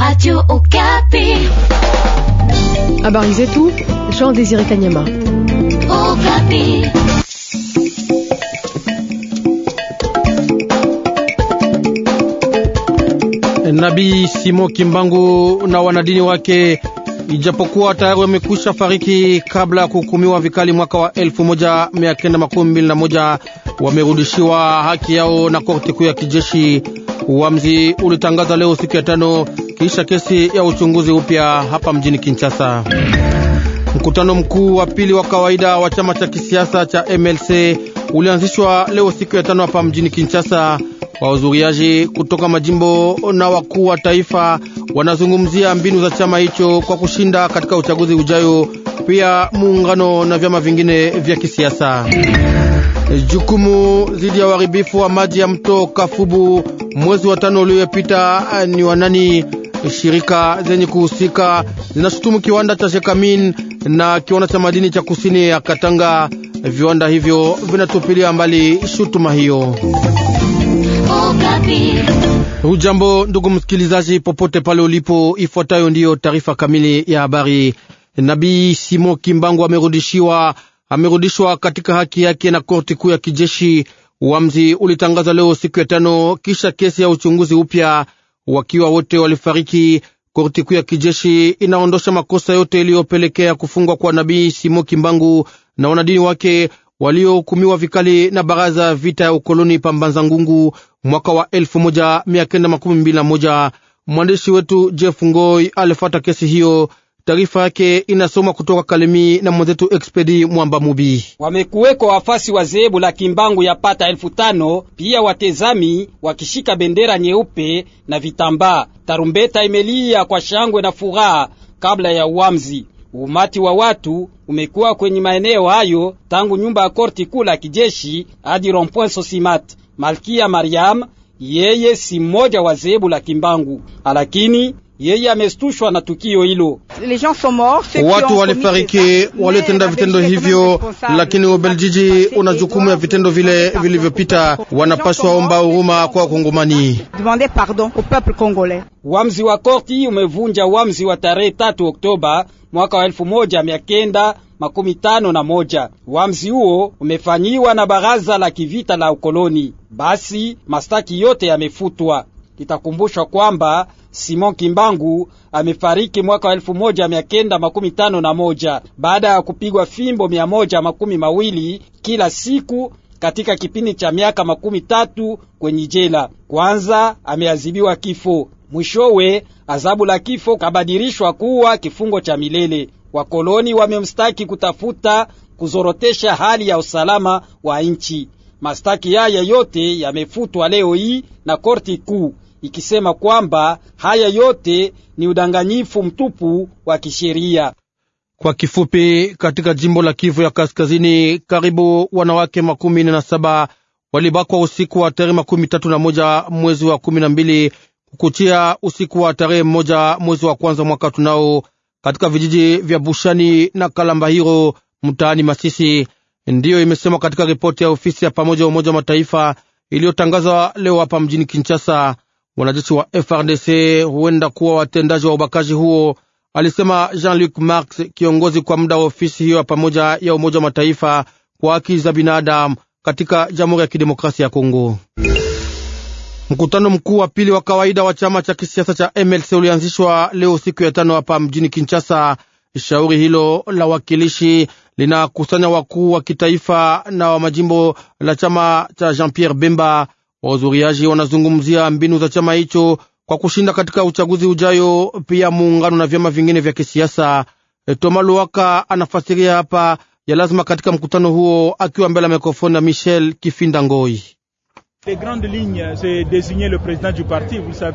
Radio Okapi. Habari ah zetu Jean Désiré Kanyama. Okapi. Nabii Simo Kimbangu na wanadini wake ijapokuwa tayari wamekwisha fariki kabla ya kuhukumiwa vikali mwaka wa 1921 wamerudishiwa haki yao na korti kuu ya kijeshi. Uamuzi ulitangaza leo siku ya tano kisha kesi ya uchunguzi upya hapa mjini Kinshasa. Mkutano mkuu wa pili wa kawaida wa chama cha kisiasa cha MLC ulianzishwa leo siku ya tano hapa mjini Kinshasa. Wahudhuriaji kutoka majimbo na wakuu wa taifa wanazungumzia mbinu za chama hicho kwa kushinda katika uchaguzi ujayo, pia muungano na vyama vingine vya kisiasa. Jukumu dhidi ya uharibifu wa maji ya mto Kafubu mwezi wa tano uliopita eh, ni wanani? Shirika zenye kuhusika zinashutumu kiwanda cha Shekamin na kiwanda cha madini cha kusini ya Katanga. Viwanda hivyo vinatupilia mbali shutuma hiyo. Hujambo ndugu msikilizaji, popote pale ulipo, ifuatayo ndiyo taarifa kamili ya habari. Nabii Simo Kimbangu amerudishiwa amerudishwa katika haki yake na korti kuu ya kijeshi. Uamuzi ulitangaza leo siku ya tano, kisha kesi ya uchunguzi upya wakiwa wote walifariki. Korti kuu ya kijeshi inaondosha makosa yote iliyopelekea kufungwa kwa nabii simo kimbangu na wanadini wake waliohukumiwa vikali na baraza vita ya ukoloni Pambanza Ngungu mwaka wa 1921. Mwandishi wetu Jeff Ngoi alifata kesi hiyo Taarifa yake inasoma kutoka Kalemi na mwenzetu Expedi Mwamba Mubi. Wamekuweko wafasi wa zehebu la Kimbangu ya pata elfu tano pia watezami wakishika bendera nyeupe na vitambaa. Tarumbeta imelia kwa shangwe na furaha kabla ya uamzi. Umati wa watu umekuwa kwenye maeneo hayo tangu nyumba ya korti kuu la kijeshi hadi rompoint Sosimat. Malkia Mariam yeye si mmoja wa zehebu la Kimbangu, lakini yeye amestushwa na tukio hilo. Watu walifariki walitenda vitendo hivyo, lakini Ubeljiji una jukumu ya vitendo vile vilivyopita. Wanapaswa omba huruma kwa Wakongomani. Wamzi wa korti umevunja wamzi wa tarehe 3 Oktoba mwaka wa elfu moja mia kenda makumi tano na moja. Wamzi huo umefanyiwa na baraza la kivita la ukoloni. Basi mastaki yote yamefutwa. Itakumbushwa kwamba Simon Kimbangu amefariki mwaka wa elfu moja mia kenda makumi tano na moja baada ya kupigwa fimbo mia moja makumi mawili kila siku katika kipindi cha miaka makumi tatu kwenye jela. Kwanza ameazibiwa kifo, mwishowe adhabu la kifo kabadirishwa kuwa kifungo cha milele. Wakoloni wamemstaki kutafuta kuzorotesha hali ya usalama wa nchi. Mastaki haya yote yamefutwa leo hii na korti kuu ikisema kwamba haya yote ni udanganyifu mtupu wa kisheria. Kwa kifupi, katika jimbo la Kivu ya Kaskazini, karibu wanawake makumi na saba walibakwa usiku wa tarehe makumi tatu na moja mwezi wa kumi na mbili kukuchia usiku wa tarehe mmoja mwezi wa kwanza mwaka tunao katika vijiji vya Bushani na Kalambahiro mtaani Masisi. Ndiyo imesemwa katika ripoti ya ofisi ya pamoja ya Umoja wa Mataifa iliyotangazwa leo hapa mjini Kinshasa wanajeshi wa FRDC huenda kuwa watendaji wa ubakaji huo, alisema Jean-Luc Marx, kiongozi kwa muda wa ofisi hiyo pamoja ya Umoja wa Mataifa kwa haki za binadamu katika Jamhuri ya Kidemokrasia ya Kongo. Mkutano mkuu wa pili wa kawaida wa chama cha kisiasa cha MLC ulianzishwa leo siku ya tano hapa mjini Kinshasa. Shauri hilo la wakilishi linakusanya wakuu wa kitaifa na wa majimbo la chama cha Jean-Pierre Bemba wazuriaji wanazungumzia mbinu za chama hicho kwa kushinda katika uchaguzi ujayo, pia muungano na vyama vingine vya kisiasa. Toma Luwaka anafasiria hapa ya lazima katika mkutano huo, akiwa mbele ya mikrofoni na Michel Kifinda Ngoi.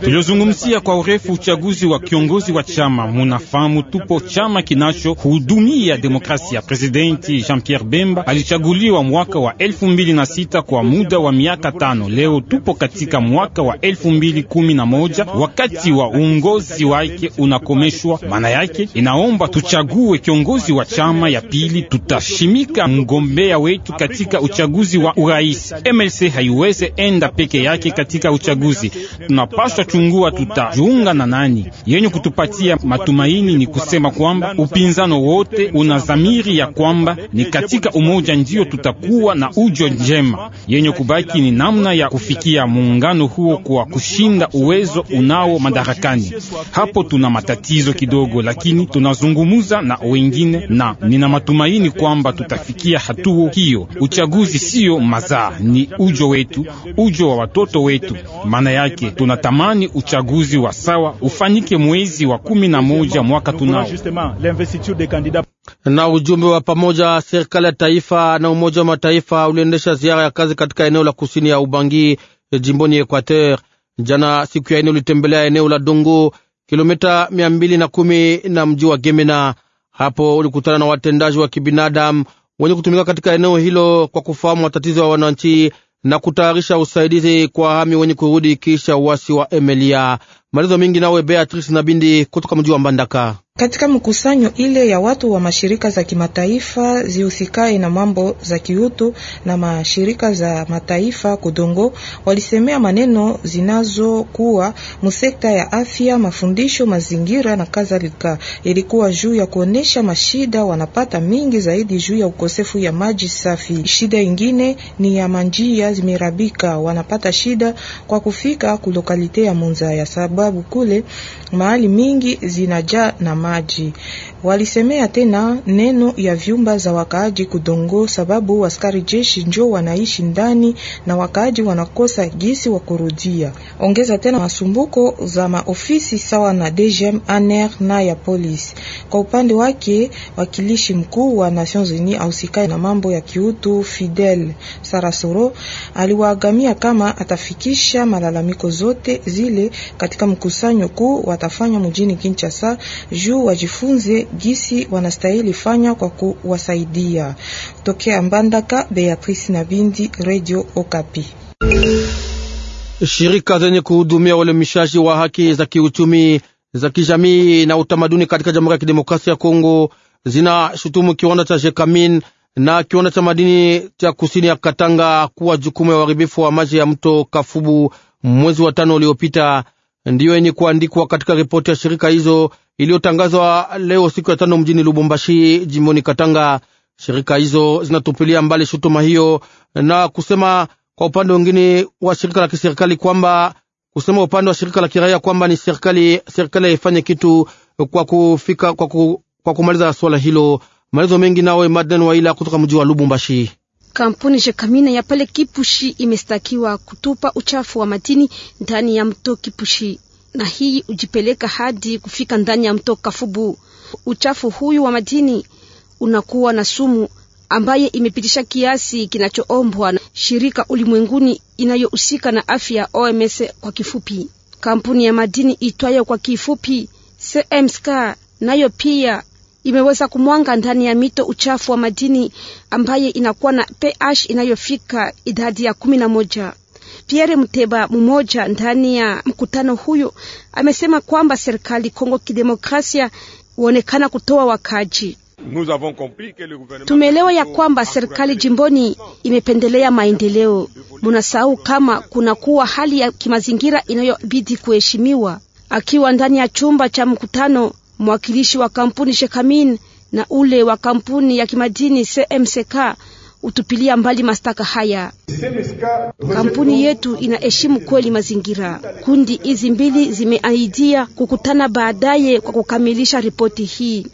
Tuliozungumzia kwa urefu uchaguzi wa kiongozi wa chama. Munafahamu tupo chama kinacho hudumia demokrasia. Presidenti Jean-Pierre Bemba alichaguliwa mwaka wa elfu mbili na sita kwa muda wa miaka tano. Leo tupo katika mwaka wa elfu mbili kumi na moja wakati wa uongozi wake unakomeshwa. Maana yake inaomba tuchague kiongozi wa chama ya pili, tutashimika mgombea wetu katika uchaguzi wa urais. MLC haiweze enda peke yake katika uchaguzi. Tunapaswa chungua tutajiunga na nani. Yenye kutupatia matumaini ni kusema kwamba upinzano wote una dhamiri ya kwamba ni katika umoja ndio tutakuwa na ujo njema. Yenye kubaki ni namna ya kufikia muungano huo kwa kushinda uwezo unao madarakani. Hapo tuna matatizo kidogo, lakini tunazungumuza na wengine, na nina matumaini kwamba tutafikia hatua hiyo. Uchaguzi siyo mazaa, ni ujo wetu ujo wa watoto wetu. Maana yake tunatamani uchaguzi wa sawa ufanyike mwezi wa kumi na moja mwaka tunao na ujumbe wa pamoja serikali ya taifa na Umoja wa Mataifa uliendesha ziara ya kazi katika eneo la kusini ya Ubangi jimboni Equateur. Jana siku ya ine ulitembelea eneo la Dongo, kilomita mia mbili na kumi na mji wa Gemena. Hapo ulikutana na watendaji wa kibinadamu wenye kutumika katika eneo hilo kwa kufahamu matatizo ya wananchi na kutayarisha usaidizi kwa wahami wenye kurudi kisha uasi wa Emelia Malizo mingi nawe Beatrice na Bindi kutoka mji wa Mbandaka. Katika mkusanyo ile ya watu wa mashirika za kimataifa zihusikae na mambo za kiutu na mashirika za mataifa Kudongo, walisemea maneno zinazokuwa msekta ya afya, mafundisho, mazingira na kadhalika. Ilikuwa juu ya kuonesha mashida wanapata mingi zaidi juu ya ukosefu ya maji safi. Shida ingine ni ya manjia zimerabika, wanapata shida kwa kufika kulokalite ya Munza ya saba sababu kule mahali mingi zinajaa na maji. Walisemea tena neno ya vyumba za wakaaji kudongo, sababu askari jeshi njo wanaishi ndani na wakaaji wanakosa gisi wa kurudia. Ongeza tena masumbuko za maofisi sawa na DGM aner na ya polisi. Kwa upande wake wakilishi mkuu wa Nations Unies ausikai na mambo ya kiutu Fidel Sarasoro aliwaagamia kama atafikisha malalamiko zote zile katika mkusanyo kuu watafanya mjini Kinshasa juu wajifunze gisi wanastahili fanya kwa kuwasaidia. Tokea Mbandaka, Beatrice Nabindi, Radio Okapi. Shirika zenye kuhudumia uelimishaji wa haki za kiuchumi za kijamii na utamaduni katika Jamhuri ya Kidemokrasia ya Kongo zina shutumu kiwanda cha Jekamin na kiwanda cha madini cha kusini ya Katanga kuwa jukumu ya uharibifu wa maji ya mto Kafubu mwezi wa tano uliopita ndiyo yenye kuandikwa katika ripoti ya shirika hizo iliyotangazwa leo siku ya tano mjini Lubumbashi, jimboni Katanga. Shirika hizo zinatupilia mbali shutuma hiyo na kusema kwa upande wengine wa shirika la kiserikali kwamba kusema upande wa shirika la kiraia kwamba ni serikali serikali haifanye kitu kwa kufika kwa, ku, kwa kumaliza swala hilo. Maelezo mengi nawe Madlen Waila kutoka mji wa Lubumbashi. Kampuni Jekamina ya pale Kipushi imestakiwa kutupa uchafu wa madini ndani ya mto Kipushi, na hii ujipeleka hadi kufika ndani ya mto Kafubu. Uchafu huyu wa madini unakuwa na sumu ambaye imepitisha kiasi kinachoombwa na shirika ulimwenguni inayohusika na afya OMS kwa kifupi. Kampuni ya madini itwayo kwa kifupi CMSK nayo pia imeweza kumwanga ndani ya mito uchafu wa madini ambaye inakuwa na pH inayofika idadi ya kumi na moja. Pierre Muteba mmoja ndani ya mkutano huyo amesema kwamba serikali Kongo Kidemokrasia huonekana kutoa wakaji. Tumeelewa ya kwamba serikali jimboni imependelea maendeleo. Munasahau kama kunakuwa hali ya kimazingira inayobidi kuheshimiwa. Akiwa ndani ya chumba cha mkutano, mwakilishi wa kampuni Shekamin na ule wa kampuni ya kimadini CMCK utupilia mbali mashtaka haya. Kampuni yetu inaheshimu kweli mazingira. Kundi hizi mbili zimeahidia kukutana baadaye kwa kukamilisha ripoti hii.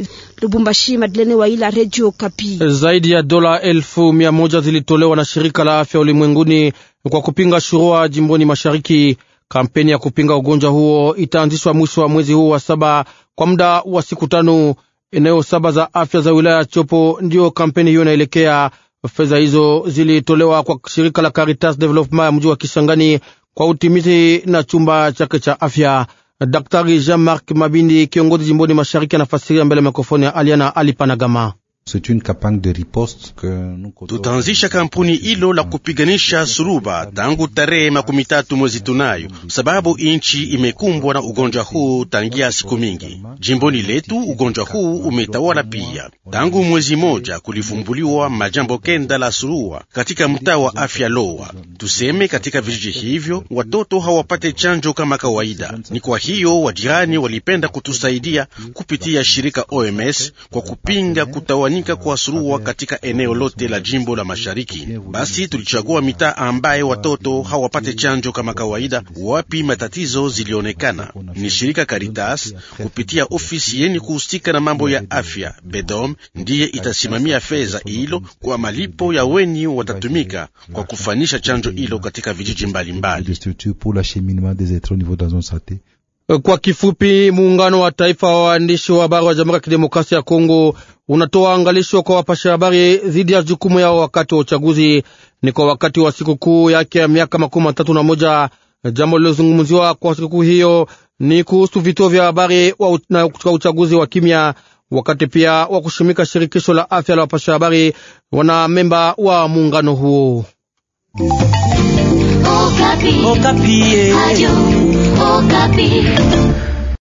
Lubumbashi, Madlene Waila, Radio Kapi. Zaidi ya dola elfu mia moja zilitolewa na shirika la afya ulimwenguni kwa kupinga shurua jimboni mashariki. Kampeni ya kupinga ugonjwa huo itaanzishwa mwisho wa mwezi huu wa saba kwa muda wa siku tano. Eneo saba za afya za wilaya ya Chopo ndiyo kampeni hiyo inaelekea. Fedha hizo zilitolewa kwa shirika la Caritas Development ya mji wa Kisangani kwa utimizi na chumba chake cha afya. Daktari Jean Marc Mabindi, kiongozi jimboni mashariki, anafasiria mbele ya mikrofoni ya Aliana Alipanagama. Tutaanzisha kampuni hilo la kupiganisha suruba tangu tarehe makumi tatu mwezi tunayo, sababu inchi imekumbwa na ugonjwa huu tangia siku mingi. Jimboni letu ugonjwa huu umetawala pia tangu mwezi moja. Kulivumbuliwa majambo kenda la surua katika mtaa wa afya Loa, tuseme katika vijiji hivyo watoto hawapate chanjo kama kawaida. Ni kwa hiyo wajirani walipenda kutusaidia kupitia shirika OMS kwa kupinga kutawanya kufanyika kwa surua katika eneo lote la jimbo la mashariki. Basi tulichagua mitaa ambaye watoto hawapate chanjo kama kawaida, wapi matatizo zilionekana. Ni shirika Caritas kupitia ofisi yeni kuhusika na mambo ya afya Bedom ndiye itasimamia fedha hilo kwa malipo ya weni watatumika kwa kufanisha chanjo hilo katika vijiji mbalimbali mbali. Eh, kwa kifupi, muungano wa taifa wa waandishi wa habari wa Jamhuri ya Kidemokrasia ya Kongo unatoa angalisho kwa wapasha habari dhidi ya jukumu yao wakati wa uchaguzi. Ni kwa wakati wa sikukuu yake ya miaka makumi matatu na moja. Jambo lilozungumziwa kwa sikukuu hiyo ni kuhusu vituo vya habari katika uchaguzi wa kimya, wakati pia wa kushimika shirikisho la afya la wapasha habari wana memba wa muungano huo. okapi